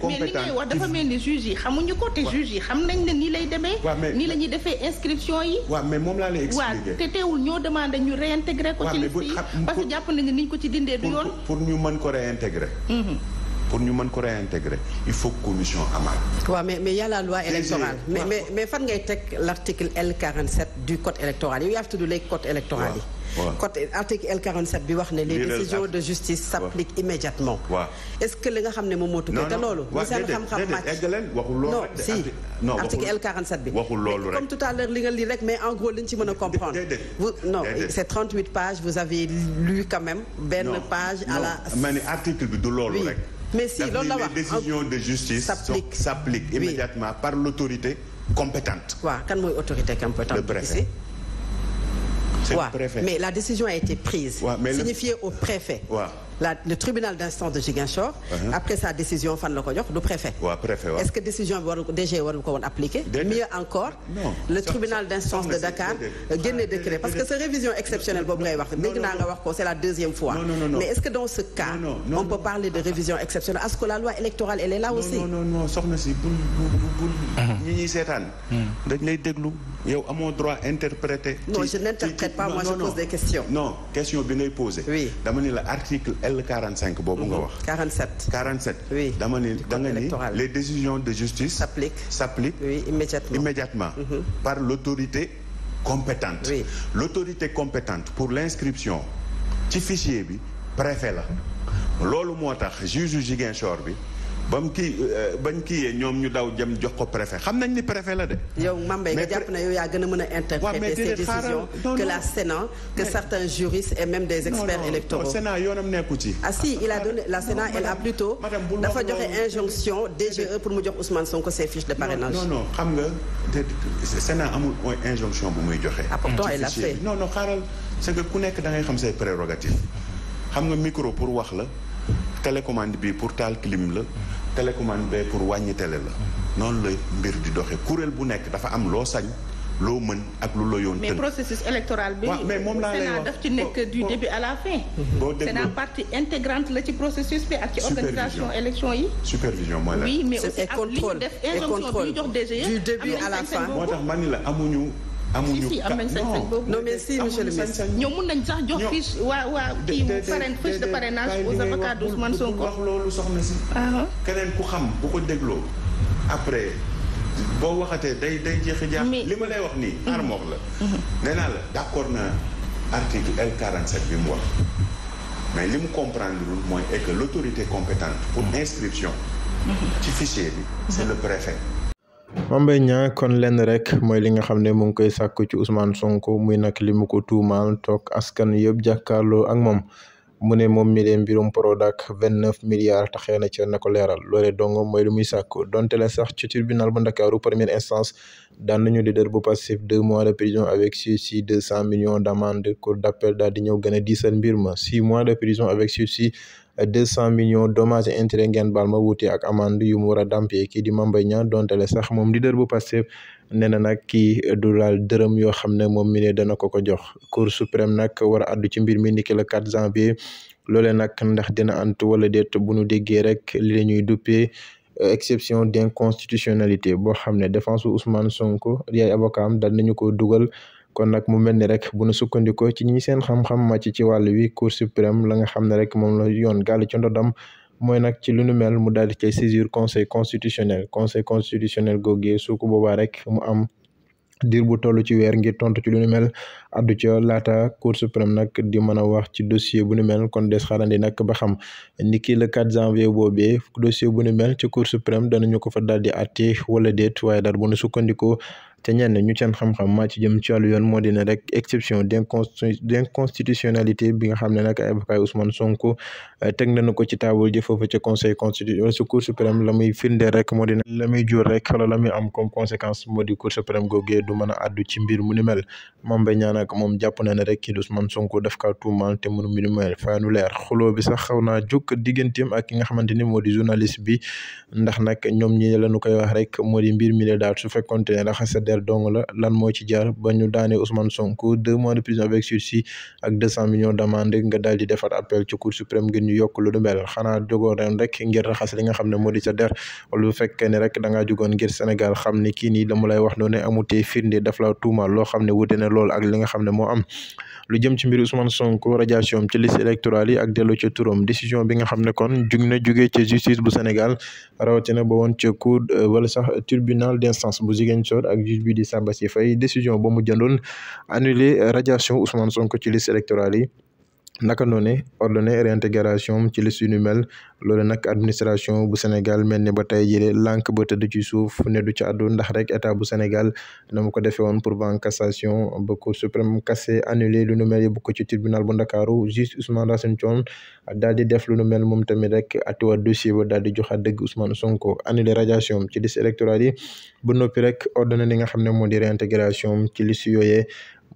compétent mais li ngay wax dafa mel ni juge yi xamuñu ko te juge yi xam nañ ne lay demee. nii la ñuy defee inscription yi. waaw mais moom laa lay expliqué. ñu réintégrer ko. ci liste yi parce que jàpp nañu ni ñu ko ci dindee du yoon. pour ñu mën ko réintégrer. Mhm. pour ñu mën ko réintégrer il faut commission amaat. waaw mais mais y loi électorale. mais mais fan ngay teg l' article L47 du code électoral yow yaa fi tudd code électoral yi. côté article L47 bi wax ne les décisions de justice s'appliquent immédiatement est-ce que li nga xam ne moom moo tukkee te loolu ñu seen xam-xam màcc non si article l bi waxul loolu rek comme tout à l'heure li nga lii rek mais en li ñu a comprendre vous non c'est 38 pages vous avez lu quand même benn page à la article bi du loolu rek mais si loolu la wax les décisions de justice s'appliquent immédiatement par l'autorité compétente kan mooy autorité compétente le préfet préfet mais la décision a été prise. signifiée au préfet. la tribunal d'instance de Ziguinchor. Uh-huh. après sa décision fan la ko du préfet. est-ce que décision bi waru ko DG waru ko mieux encore. le tribunal d'instance de Dakar. génne ah, décret parce que sa révision exceptionnelle boobu ngay wax. dégg naa nga la deuxième fois. mais est-ce que dans ce cas. on peut parler de révision exceptionnelle est que la loi électorale est là aussi. non non non si bul bul uh-huh. ñi ñuy seetaan. Hmm. dañ lay déglu yow L 45 boobu nga mhm. wax. 47 47. oui dama ni da nga ni les décisions de justice. s'appliquent s'appliquent oui immédiatement immédiatement. Mm -hmm. par l'autorité compétente. oui l'autorité compétente pour l'inscription ci fichier bi préfet la. loolu moo tax juge Ziguinchor bi. ba mu kii euh, bañ kiiyee ñoom ñu daw jëm jox ko préfet xam nañ ni préfet la de. yow Mame Mbaye nga jàpp na yow yaa gën a mën a interpréter ces décisions que la Sénat que certains juristes et même des experts électoraux. Sénat yoonam nekku ci. ah si il ah, la Sénat elle a plutôt. dafa joxe injonction DGE pour mu jox Ousmane Sonko ses fiches de parrainage. non non xam nga Sénat amul mooy injonction bu muy joxe. ah pourtant elle l'a fait xaaral c'est que ku nekk da xam say prérogatives. xam nga micro pour wax la télécommande bi pour taal clim la télécommande bee pour wàññi télé la. noonu la mbir di doxee kuréel bu nekk dafa am loo sañ. loo mën ak lu la yoon tënk mais processus électoral bi. mais moom laa lay wax Sénat daf ci nekk du début à la fin. boo dégloo Sénat partie intégrante la ci processus bi ak ci organisation élection yi. supervision mooy la mais aussi ak li ñu def injonction bi ñu jox DGE. du début à la fin moo tax ma ni la amuñu. amuñu si am nañ sañ-sañ ñoom mun nañ sax jox waa waa kii mu parrain fiche de parrainage aux avocats d'Ousmane Sonko wax loolu soxna si uh-huh. keneen ku xam bu ko dégloo après boo waxatee day day jeex jeexi jaax li ma lay wax nii mm-hmm. armox la mm-hmm. nee naa la d'accord na article L47 bi mu wax mais li mu comprendre lul mooy est l'autorité compétente pour mm-hmm. inscription ci fichier bi c'est le préfet Mame Mbaye Niang kon lenn rek mooy li nga xam ne mu ngi koy sàkku ci Ousmane sonk muy nag li mu ko tuumaal toog askan yëpp jàkkaarloo ak moom mu ne moom mi leen mbirum Prodac vingt neuf milliards taxee na ci na ko leeral loolee dong mooy lu muy sàkku donte la sax ci tribunal bu Ndakaaru première instance daan nañu leader bu Pastef deux mois de prison avec sursis deux cent millions d'amende d'appel daal di ñëw gën a diisal mbir ma six mois de prison avec sursis deux cent millions dommages et intérêts ngeen baal wuti ak amande yu mu war a dàmpee kii di Mame Mbaye Niang dontale sax moom leader bu Pastef nee na nag kii du laal dërëm yoo xam ne moom mi dana ko ko jox Cour suprême nag war a ci mbir mi niki le 4 janvier loolee nag ndax dina ant wala déet bu nu déggee rek li la ñuy duppee euh, exception d'inconstitutionnalité boo xam ne défense Ousmane Sonko yaay avocat am dal nañu ko dugal kon nag mu mel ni rek bu nu sukkandikoo ci ñi seen xam-xam màcc ci wàll wi cour suprême la nga xam ne rek moom la yoon gàll ci ndodam mooy nag ci lu nu mu daal di cay saisir conseil constitutionnel conseil constitutionnel googee su ko boobaa rek mu am diir bu toll ci weer ngir tontu ci lu nu mel addu ca laata cour suprême nag di mën a wax ci dossier bu nu mel kon des xaarandi nag ba xam ni ki le 4 janvier boobee dossier bu nu mel ci cour suprême danañu ko fa daal di àtte wala déet waaye daal bu nu sukkandikoo te ñenn ñu seen xam-xam maa ci jëm ci wàllu yoon moo di ne rek exception d'inconstitutionnalité bi nga xam ne nag ay avocat Ousmane Sonko euh, teg na nañu ko ci table ji foofu ci conseil constitutionnel su cour suprême la rek moo di ne la muy jur rek wala la am comme conséquence moo di cour suprême googee du mën a àddu ci mbir mu ni mel moom ba ñaan ak moom jàpp na ne rek kii Ousmane Sonko daf kaa tuumaal te mënu mu ni mel fayanu leer xuloo bi sax xaw naa jóg digganteem ak ki nga xamante ni moo di journaliste bi ndax nag ñoom ñi lañu koy wax rek moo di mbir mi la daal su fekkonte ne raxas lan moo ci jaar ba ñu daanee Ousmane Sonko deux mois de prison avec sursis ak deux millions d'amende nga daal di appel ci cour ngir ñu yokk lu du mel xanaa jógoon ren rek ngir raxas li nga xam ne moo di rek da ngaa jógoon ngir Sénégal xam ne kii nii lay wax noonu ne amutee daf la tuumal loo xam ne wute lool ak li nga xam ne moo am lu jëm ci mbir Ousmane Sonko radiation ci liste électorale ak delloo ci turam décision bi nga xam ne kon jug na jugee ci justice bu Sénégal juge bi di Samba Sy Faye décision ba mu jëndoon annulé radiation Ousmane Sonko ci liste électorale yi naka noone ordonné réintégration ci liste yu ni loolu nag administration bu Sénégal mel ni ba tey jëlee lank ba tëdd ci suuf ne du ci àddu ndax rek état bu Sénégal na mu ko defee woon pour banque cassation ba cour suprême cassé annulé lu nu mel yóbbu ko ci tribunal bu Ndakaaru juste Ousmane Racine Thion daal di def lu nu mel moom tamit rek atiwaat dossier ba daal di joxaat dëgg Ousmane Sonko annulé radiation ci liste électorale yi ba noppi rek ordonné li nga xam ne moo di réintégration ci liste yooyee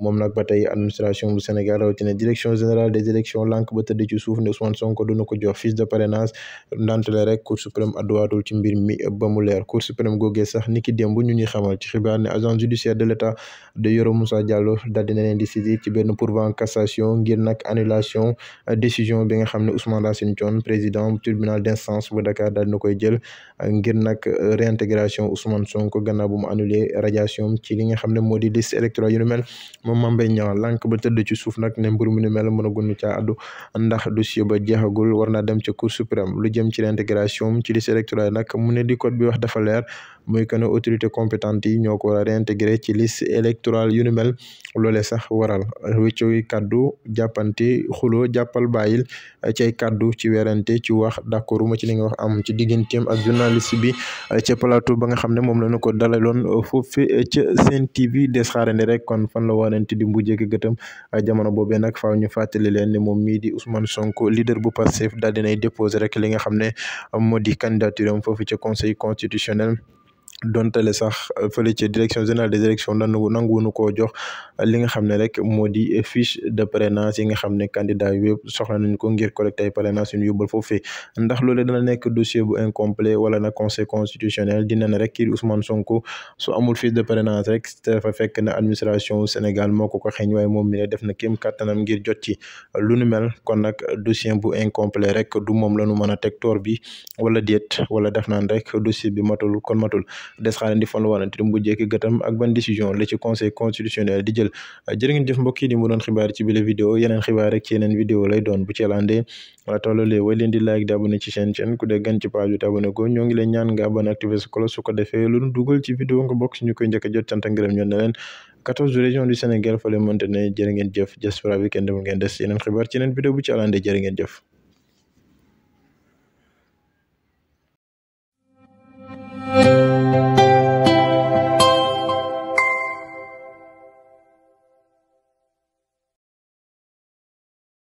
moom nag ba tey administration bu Sénégal rawatina direction générale des élections lànk ba tëdd ci suuf ne Ousmane Sonko jox fiche de parrainage ndantale rek Cour suprême adduwaatul ci mbir mi ba mu leer Cour suprême googee sax niki démb ñu ñuy xamal ci xibaar ne agent judiciaire de l'État de Yoro Moussa Diallo daal dina leen di saisir ci benn pourvoi en cassation ngir nag annulation décision bi nga xam ne Ousmane Racine Thione président tribunal d'instance bu Dakar daal dina koy jël ngir nag réintégration Ousmane Sonko gannaaw bu mu annulé radiation ci li nga xam ne moo di liste électorale yu mel moom Mame Mbaye Niang ba tëdd ci suuf nag ne mbir mu ni mel mën a gunu caa addu ndax dossier ba jeexagul war naa dem ca cour suprême lu jëm ci réintégration ci liste électorale nag mu ne di code bi wax dafa leer muy que ne autorité compétente yi ñoo ko war a réintégré ci liste électorale yu ni loole sax waral wéccoo yi kàddu jàppante xuloo jàppal bàyyil ci ay kàddu ci werante ci wax d'accord ma ci li nga wax am ci digganteem ak journaliste bi ca plateau ba nga xam ne moom la ñu ko dalaloon foofu ca Sen TV des xaarandi rek kon fan la warante di mujjee ak gëtam jamono boobee nag fa ñu fàttali leen ne moom mii di Ousmane Sonko leader bu Pastef daal dinay déposé rek li nga xam ne moo di candidature am foofu ca conseil constitutionnel dontale sax fële ci direction générale des élections nangu nanguwunu koo jox li nga xam ne rek moo di fiche de parrainage yi nga xam ne candidat yi yëpp soxla nañ ko ngir collecté ay parrainage yu ñu yóbbal foofee ndax loolee dana nekk dossier bu incomplet wala na conseil constitutionnel dina ne rek kii Ousmane Sonko su amul fiche de parrainage rek dafa fekk na administration Sénégal moo ko ko xeeñ waaye moom mi ne def na kéem kàttanam ngir jot ci lu nu mel kon nag dossier bu incomplet rek du moom la ñu mën a teg toor bi wala déet wala def naan rek dossier bi matul kon matul des xaarandi fan la warante mu mujjeeki gëtam ak ban décision la ci conseil constitutionnel di jël jërë ngeen jëf mbokk yi di mu doon xibaar ci bile vidéo yeneen xibaar rek ci yeneen vidéo lay doon bu ci laandee wala tollalee di like di abonné ci ku dee gan ci page te abonné go ñoo ngi leen ñaan nga abonné activé sa cloche defee lu dugal ci vidéo nga bokk koy njëkk a jot cant ak ngërëm ñoon na leen 14 régions du Sénégal fale mënte ne jërë ngeen jëf diaspora bi kenn demul des yeneen xibaar ci yeneen vidéo bu ci àlande